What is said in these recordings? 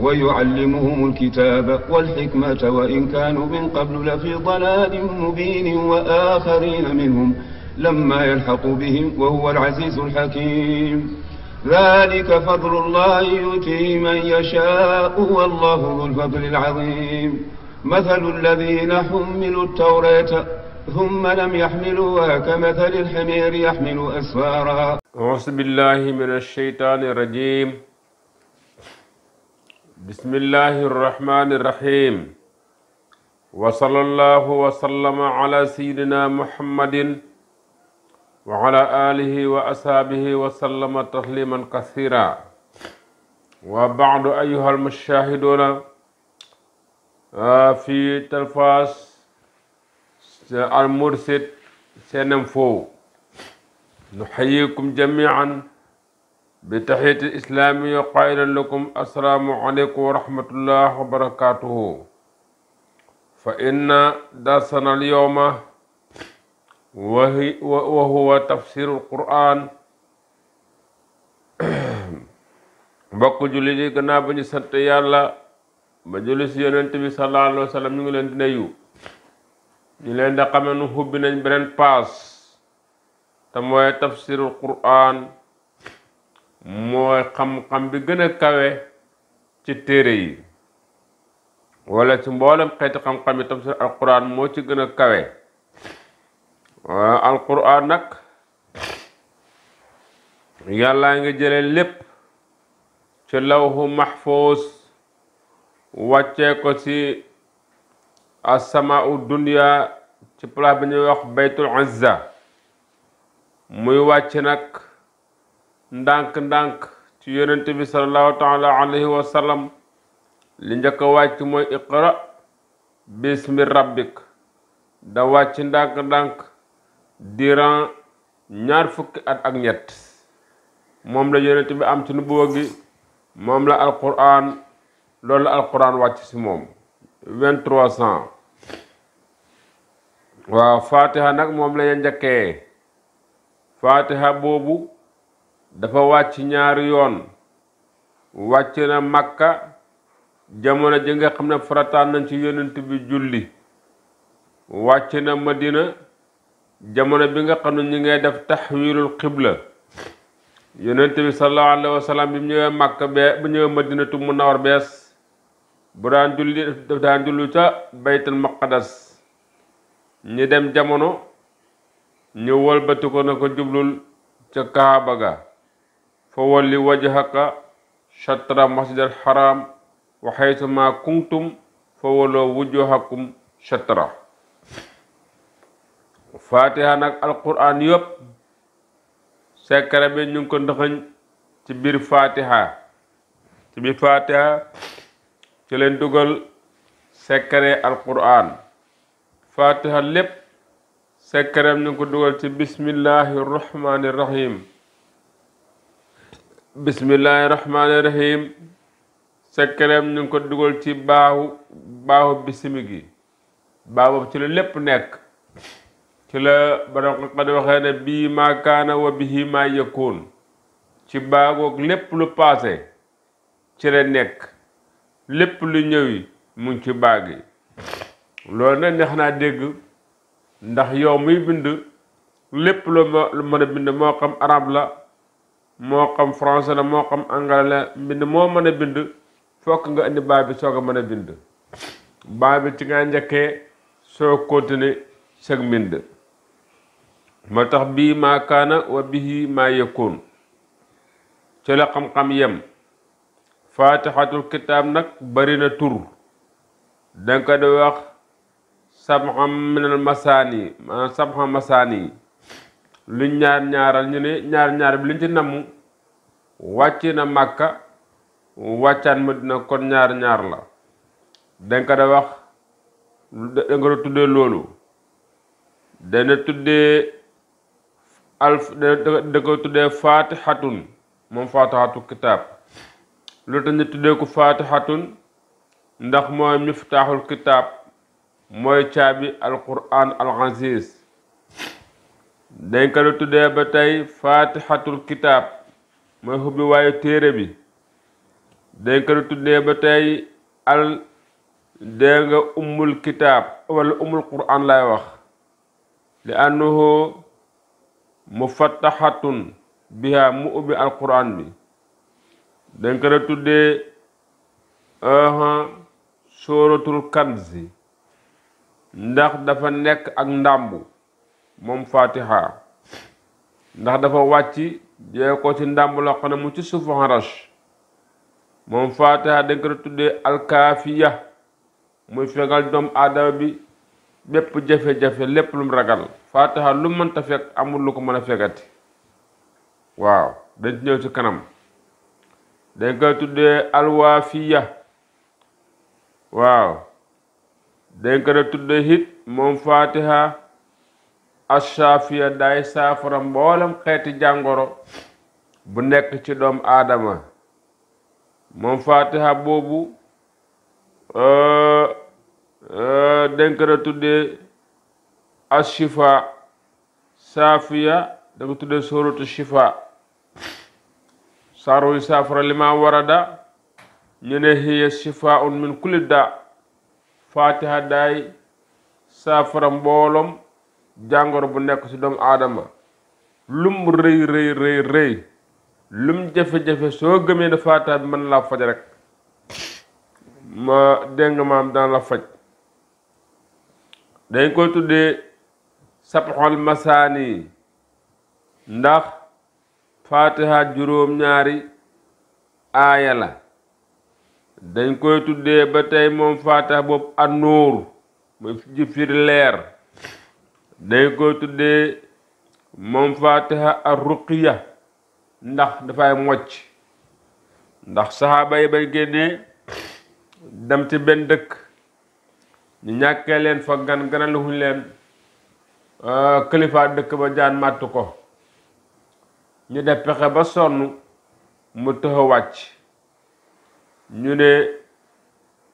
ويعلمهم الكتاب والحكمة وإن كانوا من قبل لفي ضلال مبين وآخرين منهم لما يلحق بهم وهو العزيز الحكيم ذلك فضل الله يؤتيه من يشاء والله ذو الفضل العظيم مثل الذين حملوا التوراة ثم لم يحملوها كمثل الحمير يحمل أسفارا أعوذ بالله من الشيطان الرجيم bismillahi irrahmani irrahim wa sallallahu wa sallama ala sayidina muhammadin wa ala alihi wa ashaabihi wa sallama tasliman kasira wa baadu ayuha almushahiduna ah, fi Talfas Al Mourchid Seneinfo nuhayyikum jamian bi taxiyati islaami qaa'ilan lakum assalaamu aleykum wa wa barakaatuhu fa darsana alyowma wa huwa tafsiru alqur'an mbokk julli di gannaaw ba ñu sant yàlla ba julli si yonent bi sallallahu alayhi wa sallam ñu ngi leen di nuyu ñu leen da beneen paas te mooy mooy xam-xam bi gën a kawe ci téere yi wala ci mboolem xeeti xam bi yi tafsir alquran moo ci gën a kawe alquran nag yàllaa ngi jële lépp ci law lawhu mahfuz wàccee ko ci asamaau dunia ci place bi ñuy wax baytul muy wàcc nag ndànk-ndànk ci yonent bi sallallahu taala alayhi wa sallam li njëkk wàcc mooy iqra bismi rabbik da wàcc ndànk-ndànk diran ñaar fukki at ak ñett moom la yonent bi am ci nubuwa gi moom la alquran loolu la alquran wàcc si moom vingt-trois nag moom la ñu njëkkee fatiha boobu dafa wàcc ñaari yoon wàcc na Makka jamono ji nga xam ne farataan nañ ci yonent bi julli wàcc na Madina jamono bi nga xam ne ñu ngay def taxwiilul xibla yonent bi sallallahu alayhi wa sallam bi mu ñëwee Makka bee bu ñëwee Madinatu Munawwar bees bu daan julli daf daan julli ca baytul maqadas ñu dem jamono ñu wëlbati ko na ko jublul ca Kaaba ga fa walli wajhaka shatra masjidal haram wa haytuma fa walloo wujuhakum shatra fatiha nag alquran yëpp sekkare bi ñu ngi ci biir fatiha ci biir fatiha ci leen dugal sekkare alquran fatiha lépp sekkareem ñu ngi ko dugal ci bismillahi rahmani bismillahi rahmaani rahim sekkereem ñu ko dugal ci baaxu baaxu bisimi gi baa boobu ci la lépp nekk ci la borom xam-xam waxee bii maa kaana wa bihi maa yëkkoon ci baagoog lépp lu paase ci la nekk lépp lu ñëwi mu ngi ci baag yi loolu nag neex naa dégg ndax yow muy bind lépp lu ma mën bind moo xam arab la moo xam français la moo xam anglais la mbind moo mën a bind fokk nga indi baay bi soog mën a bind baay ci nga njëkkee soo continuer sag mbind moo tax bii maa kaana wa bihi maa yëkkoon ci xam-xam yem faatixatul kitaab nag bari na tur danga ko di wax sabxam minal masaani maanaam sabxam masaani luñ ñaar ñaaral ñu ne ñaar ñaar bi liñ ci namm wàcc na màkka wàccaan madina kon ñaar ñaar la dañ ko wax da nga tuddee loolu dana tuddee alf da moom faatixatu kitaab loolu tax ñu tuddee ko faatixatun ndax mooy miftaaxul kitaab mooy caabi alquran al aziz dañ ko tuddee ba tey faatixatul kitaab mooy xubluwaayu téere bi dañ ko ba tey al dee nga ummul kitaab wala ummul quraan lay wax li annahu bi biha mu ubbi al quraan bi dañ ko tuddee sóoratul ndax dafa nekk ak ndàmb moom fatiha ndax dafa wàcc jee ko ci ndàmb loo xam ne mu ci suufu xarash moom fatiha dañ ko tuddee alkaafiya muy fegal doomu aadama bi bépp jafe-jafe lépp lum ragal fatiha lu mënta fekk amul lu ko mën a fegati waaw dañ ci ñëw kanam dañ koy tuddee alwaafiya waaw dañ ko tuddee hit moom fatiha ashaafiya day saafara mboolem xeeti jàngoro bu nekk ci doom aadama moom fatiha boobu euh, euh, dañ ko tuddee ashifa saafiya da ko tuddee suratu shifa saaru saafara lima warada ñu ne hiya shifaun min kulli da fatiha day saafara mboolom jàngoro bu nekk ci doomu aadama lum rëy rëy rëy lum jafe-jafe soo gëmee ne faata bi mën laa faj rek ma dégg daan la faj dañ koy tuddee sabxol masaani ndax faatiha juróom-ñaari aaya la dañ koy tuddee ba tey moom faatiha boobu annuur muy ji firi leer dañ koy tuddee moom fatiha ar ruqiya ndax dafay mocc ndax saxaaba yi bay génnee dem ci benn dëkk ñu ñàkkee leen fa gan ganaluxuñ leen euh, kilifa dëkk ba jaan màtt ko ñu def pexe ba sonn mu tëx wàcc ñu ne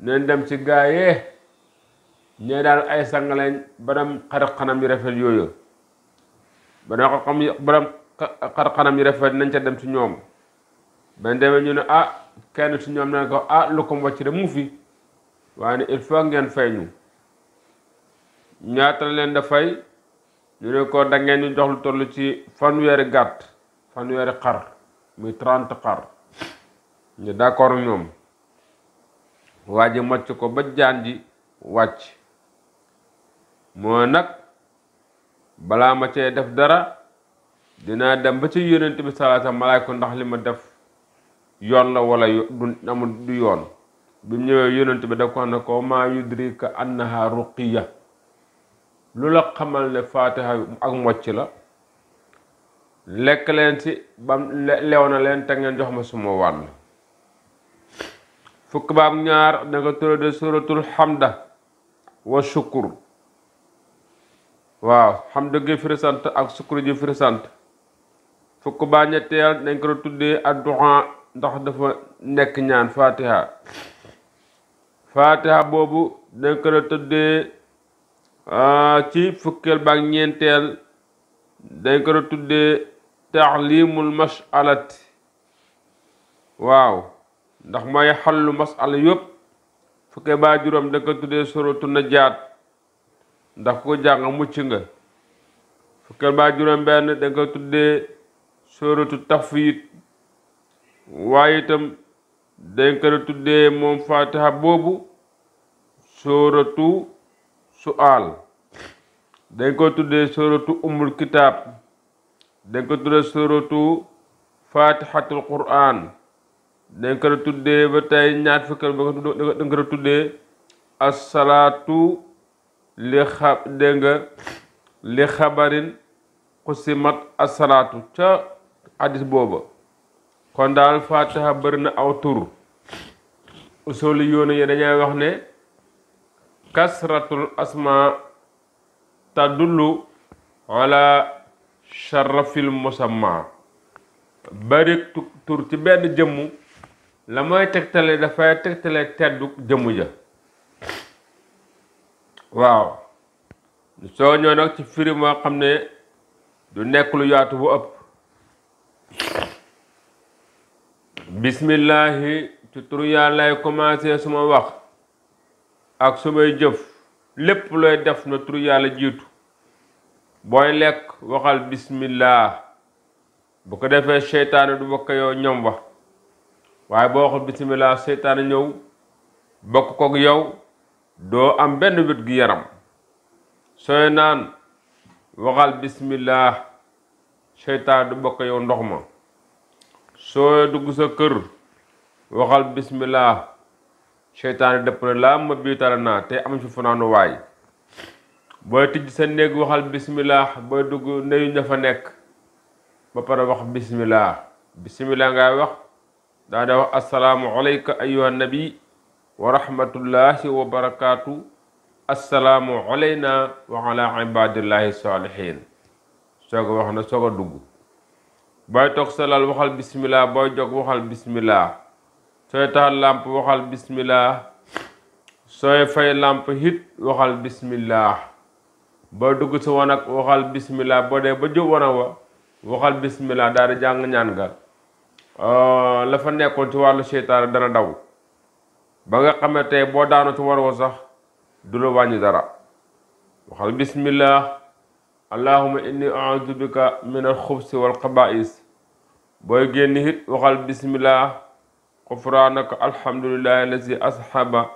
neen dem ci gaayee ñooy daal ay sang lañ banam xar xanam yu rafet yooyu banam ko xam xanam yu rafet nañ ca dem ci ñoom ban demee ñu ne ah kenn ci ñoom na ko ah lu ko wàcc de mu fi waaye ne il faut ngeen feeñu ñu ñaata leen da fay ñu ne ko da ngeen ñu jox lu toll ci fanweeri gàtt fanweeri xar muy trente xar ñu d'accord ñoom waa ji mocc ko ba jaan ji wàcc moo nag balaa ma cee def dara dinaa dem ba ci yonent bi salaata ma ko ndax li ma def yoon la wala du du yoon bi ñëwee yonent bi daf ko xam ne ko maa yudrika annaha ruqiya lu la xamal ne faatiha ak mocc la lekk leen ci bam lew na leen te jox ma suma wàll fukk baam ñaar da nga tura de suratul hamda wa shukur waaw xam gi firi ak sukkur ji firi fukk baa ñetteel dañ ko tuddee adduxan ndax dafa nekk ñaan fatiha fatiha boobu dañ ko tuddee ah, ci fukkeel baa ñeenteel dañ ko tuddee taxlimul masalat waaw ndax mooy xallu masala yëpp fukkeel baa juróom dañ ko tuddee suratu jaat ndax ku ko jàng mucc nga fukkeel ba juróom benn da tuddee sóoratu tafwiid waaye itam dañ ko tuddee moom faatiha boobu sóoratu su'aal dañ ko tuddee sóoratu umul kitaab dañ ko tuddee sóoratu faatihatul qur'aan dañ tuddee ba tey ñaar fukkeel ba dañ tuddee as-salaatu li xa dégg nga li xabarin xusimat asalaatu ca hadis booba kon daal fatiha bëri na aw tur usolu yoonu yi dañuy wax ne kasratul asma tadullu ala sharafil musamma bëri tur ci benn jëmm la mooy tegtale dafay tegtale teddu jëmm ja waaw soo ñëw nag ci firi moo xam ne du nekk lu yaatu bu ëpp bismillahi ci turu yàllaay commencé suma wax ak sumay jëf lépp looy def na turu yàlla jiitu booy lekk waxal bismillah bu ko defee seytaane du bokk yow ñoom wax waaye boo waxul bismillah seytaane ñëw bokk koog yow doo am benn wét gu yaram sooy naan waxal bismillah seytaan du bokk yow ndox ma sooy dugg sa kër waxal bismillah seytaan yi dëpp na laa ma biitala naa te am fi fanaanu waay booy tijj sa néeg waxal bismillah booy dugg neyu ña nekk ba pare wax bismillah bismillah ngay wax daa de wax asalaamu alayka ayyuhan wa rahmatullahi wa barakaatu assalaamu alayna wa ala ibadillahi saalihin soog a wax na soog a dugg booy toog salal waxal bismillah booy jog waxal bismillah sooy taxal làmp waxal bismillah sooy fay làmp hit waxal bismillah booy dugg si wanag waxal bismillah boo dee ba jóg wanag wa waxal bismillah daal di jàng ñaan nga la fa nekkoon ci wàllu seytaane dana daw ba nga xam ne boo daanu ci war wa sax du la wàññi dara waxal bismillah allahuma inni audu min al wal xabaais booy génn waxal bismillah xufraanaka alhamdulillahi allazi ashaba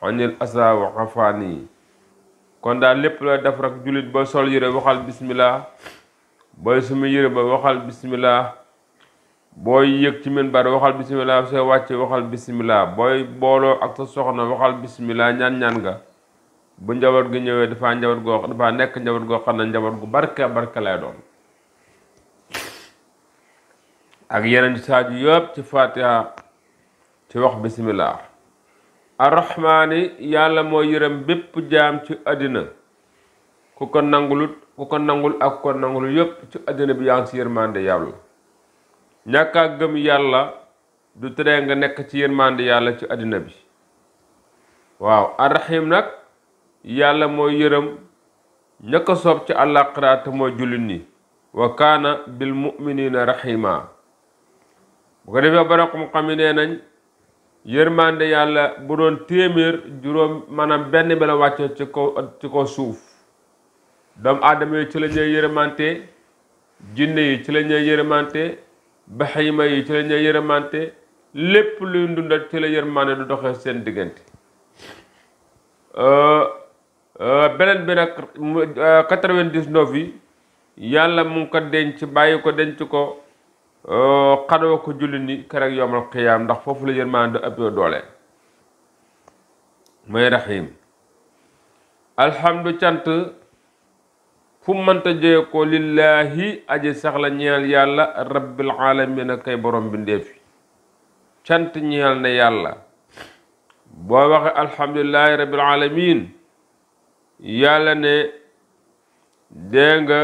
xanil asa wa xafaani kon daal lépp la def rek jullit ba sol yére waxal bismillah booy sumi yére ba waxal bismillah booy yëg ci minbar waxal bisimilah sooy wàcce waxal bisimilah booy booloo ak sa soxna waxal bisimilah ñaan-ñaan nga bu njaboot gi ñëwee dafa njaboot goo dafaa nekk njaboot goo xam ne njaboot gu barke barke lay doon ak yeneen saaju yëpp ci fatiha ci wax bisimilah arrahmaani yàlla moo yërëm bépp jaam ci àddina ku ko nangulut ku ko nangul ak ko nangul yëpp ci àddina bi yaa ngi si yërmande yàlla ñàkk gëm yàlla du tere nga nekk ci yërmande yàlla ci àddina bi waaw arrahim nag yàlla mooy yërëm ña ko soob ci àllaaxira te mooy jullit ñi wa kaana bil muminina rahima bu ko defee borom xam-xam yi nee nañ yërmande yàlla bu doon téeméer juróom maanaam benn bi wàcc wàcce ci kaw suuf doomu aadama yi ci la ñuy yërmante yi ci la ñuy ba xayma yi ci la ñuy yërmante lépp luy ndundat ci la yërmande du doxee seen diggante euh, euh, beneen bi nag euh, quatre-vingt-dix-neuf yi yàlla mu ngi ko denc bàyyi ko denc ko xadoo ko julli ni keroog yomal xiyaam ndax foofu la yërmande du ëppee doole mooy raxiim alhamdu cant fu mënta jëye ko lillaahi aji saxla ñeel yàlla rabbil aalamiina kay borom bindeef yi cant ñeel na yàlla boo waxe alhamdulillahi rabbil aalamiin yàlla ne dee nga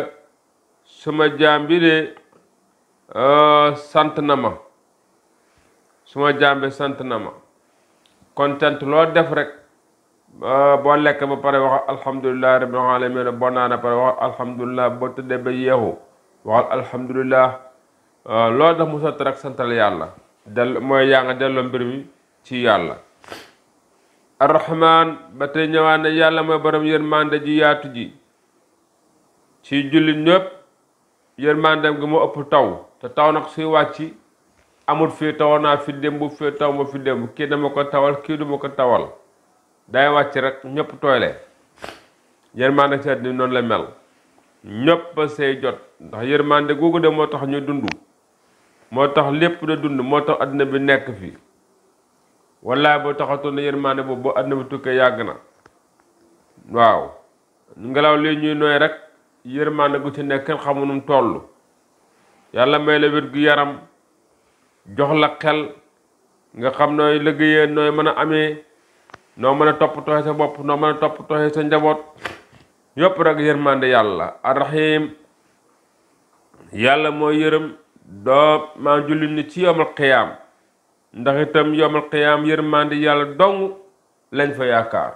suma jaam bi euh, sant na ma suma jaam sant na ma kon cant loo def rek Euh, boo lekk ma pare waxal alhamdulilah rabbil alamin boo naan pare waxal alhamdulilah boo tëddee ba yeexu waxal alhamdulilah euh, loolu tax mu sant rek santal yàlla del mooy yaa nga delloo mbir mi ci yàlla arrahman ba tey ñëwaat yàlla mooy borom yërmande ji yaatu ji ci jullit ñëpp yërmandem gi moo ëpp taw te taw nag suy wàcc amul fii taw naa fi démb fii taw ma fi démb kii dama ko tawal kii duma ko tawal day wàcc rek ñëpp tooyle yërmande ak sedd noonu la mel ñëpp a say jot ndax yërmande googu de moo tax ñu dund moo tax lépp da dund moo tax àddina bi nekk fi wallaay boo taxatoon na yërmande boobu boo àddina bi tukkee yàgg na waaw ngelaw li ñuy nooy rek yërmande gu ci nekk kenn xamunum toll yàlla may la wér gu yaram jox la xel nga xam nooy liggéeyee nooy mën a amee noo mën a toppatoo sa bopp noo mën a toppatoo sa njaboot yopp rek yërmande yàlla arrahim yàlla mooy yërëm doo maa jullit ni ci yomal xiyaam ndax itam yomal xiyaam yërmande yàlla dong lañ fa yaakaar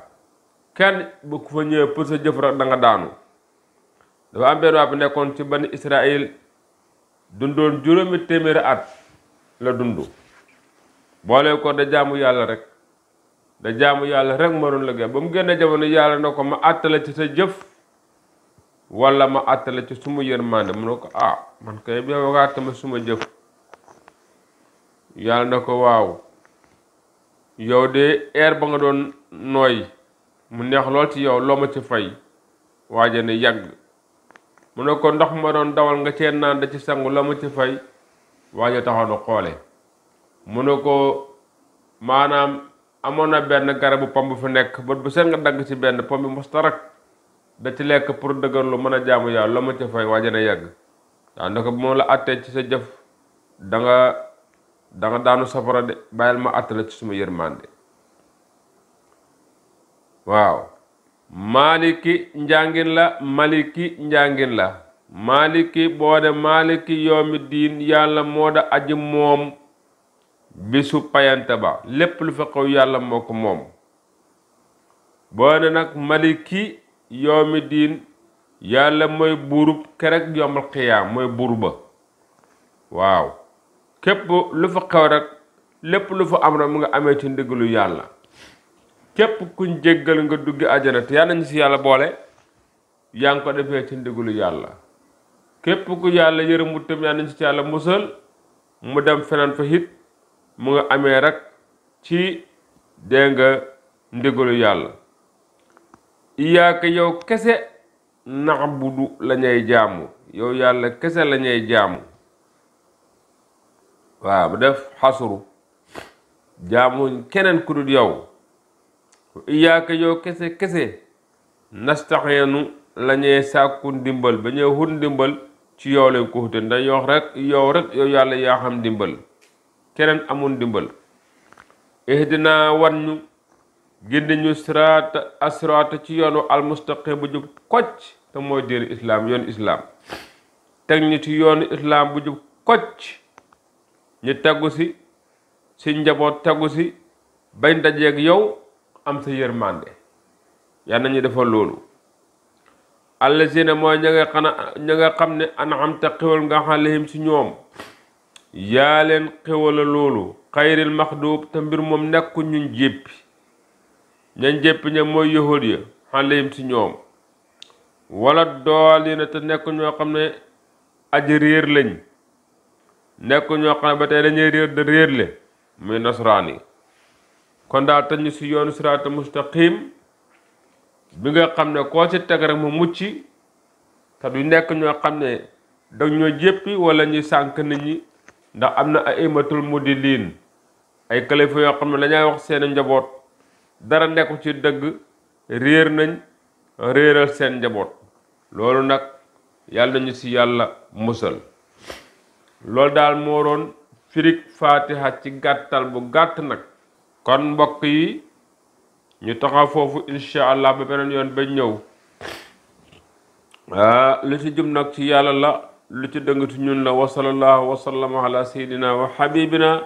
kenn bu ku fa ñëwee pour sa jëf rek da daanu dafa am benn waa bu nekkoon ci bani Israël dundoon juróomi téeméeri at la dund boole ko da jaamu yàlla rek da jaamu yàlla rek ma doon liggéey ba mu génne jamono yàlla na ko ma àttale ci sa jëf walla ma àttale ci suma yërmande mu ne ko ah man kay bi yow nga ma suma jëf yàlla na ko waaw yow de air ba nga doon nooy mu neex lool ci yow loo ma ci fay waaje ne yàgg mu ne ko ndox ma doon dawal nga cee naan da ci sangu loo ma ci fay waaje taxaw na xoole mu ne ko maanaam amoon na benn garabu pom bu fi nekk bët bu seen nga dagg ci benn pom bi mustarak da ci lekk pour dëgër lu mën a jaamu yàlla la ma ca fay waajana yàgg waaw ci sa jëf da da nga daanu safara de bàyyil ma àtt la ci suma yërmande waaw maaliki njàngin la maliki njàngin la maaliki boo maaliki yoomi diin yàlla moo da aji moom bisu payante ba lépp lu fa xew yàlla moo ko moom boo ne nag maliki yoomi diin yàlla mooy buurub kerek yomal xiyaam mooy buur ba waaw képp lu fa xew rek lépp lu fa am rek mu nga amee ci ndigalu yàlla képp kuñ jéggal nga dugg àjjana te yàlla si yàlla boole yaa ngi ko defee ci ndigalu yàlla képp ku yàlla yërëmu tam yàlla ñu si musal mu dem feneen fa hit mu nga amee rek ci dégg nga yàlla iyaaka yow kese naxbudu la ñuy jaamu yow yàlla kese lañuy ñuy jaamu waaw bu def xasuru jaamuñ keneen ku dul yow iyaaka yow kese kese nastaxeenu la ñuy sàkku ndimbal ba ñuy xut ndimbal ci yow lañ ko xute ndax yow rek yow yàlla yaa xam ndimbal keneen amoon dimbal dina wan ñu gindi ñu siraata asiraata ci yoonu almustaqim bu jub kocc te mooy diine islaam yoon islaam teg ñu ci yoonu islaam bu jub kocc ñu tegu si si njaboot tegu si bañ dajeeg yow am sa yërmande yal na ñu defal loolu allazina mooy ña nga xana ña xam ne an'amta xéwal nga alayhim si ñoom yaa leen xewala loolu xayril maxduub te mbir moom nekku ñu jéppi ñañ jéppi ña mooy yahud ya xaleyim ci ñoom wala doolina te nekku ñoo xam ne aji réer lañ nekku ñoo xam ne ba tey dañuy réer da réer le muy nasaraan yi kon daal te ñu ci yoonu siraata mustaqim bi nga xam ne koo ci teg rek mu mucc te du nekk ñoo xam ne dag ñoo jéppi wala ñuy sànk nit ñi ndax am na ay imatul liin ay kalifa yoo xam ne lañuy wax seen njaboot dara nekku ci dëgg réer nañ réeral seen njaboot loolu nag yàlla nañu ci yàlla musal loolu daal moo doon firig faatiha ci gàttal bu gàtt nag kon mbokk yi ñu taxaw foofu incha allah ba beneen yoon ba ñëw ah, lu ci jum nag ci yàlla la lu ci dëngatu ñun la wa sallallahu wa sallama ala wa habibina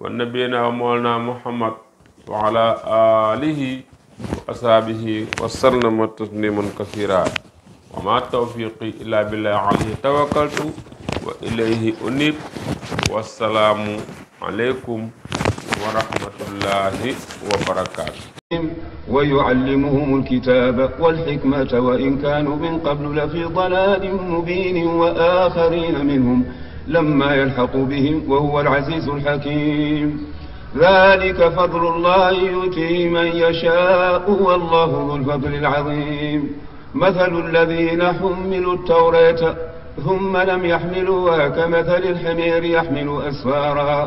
wa nabiyina muhammad wa ala wa ashabihi wa sallama tasliman kasira wa ma tawfiqi illa billah alayhi tawakkaltu wa ilayhi unib wassalaamu aleykum wa rahmatullahi wa barakatu ويعلمهم الكتاب والحكمة وإن كانوا من قبل لفي ضلال مبين وآخرين منهم لما يلحق بهم وهو العزيز الحكيم ذلك فضل الله يؤتيه من يشاء والله ذو الفضل العظيم مثل الذين حملوا التوراة ثم لم يحملوها كمثل الحمير يحمل أسفارا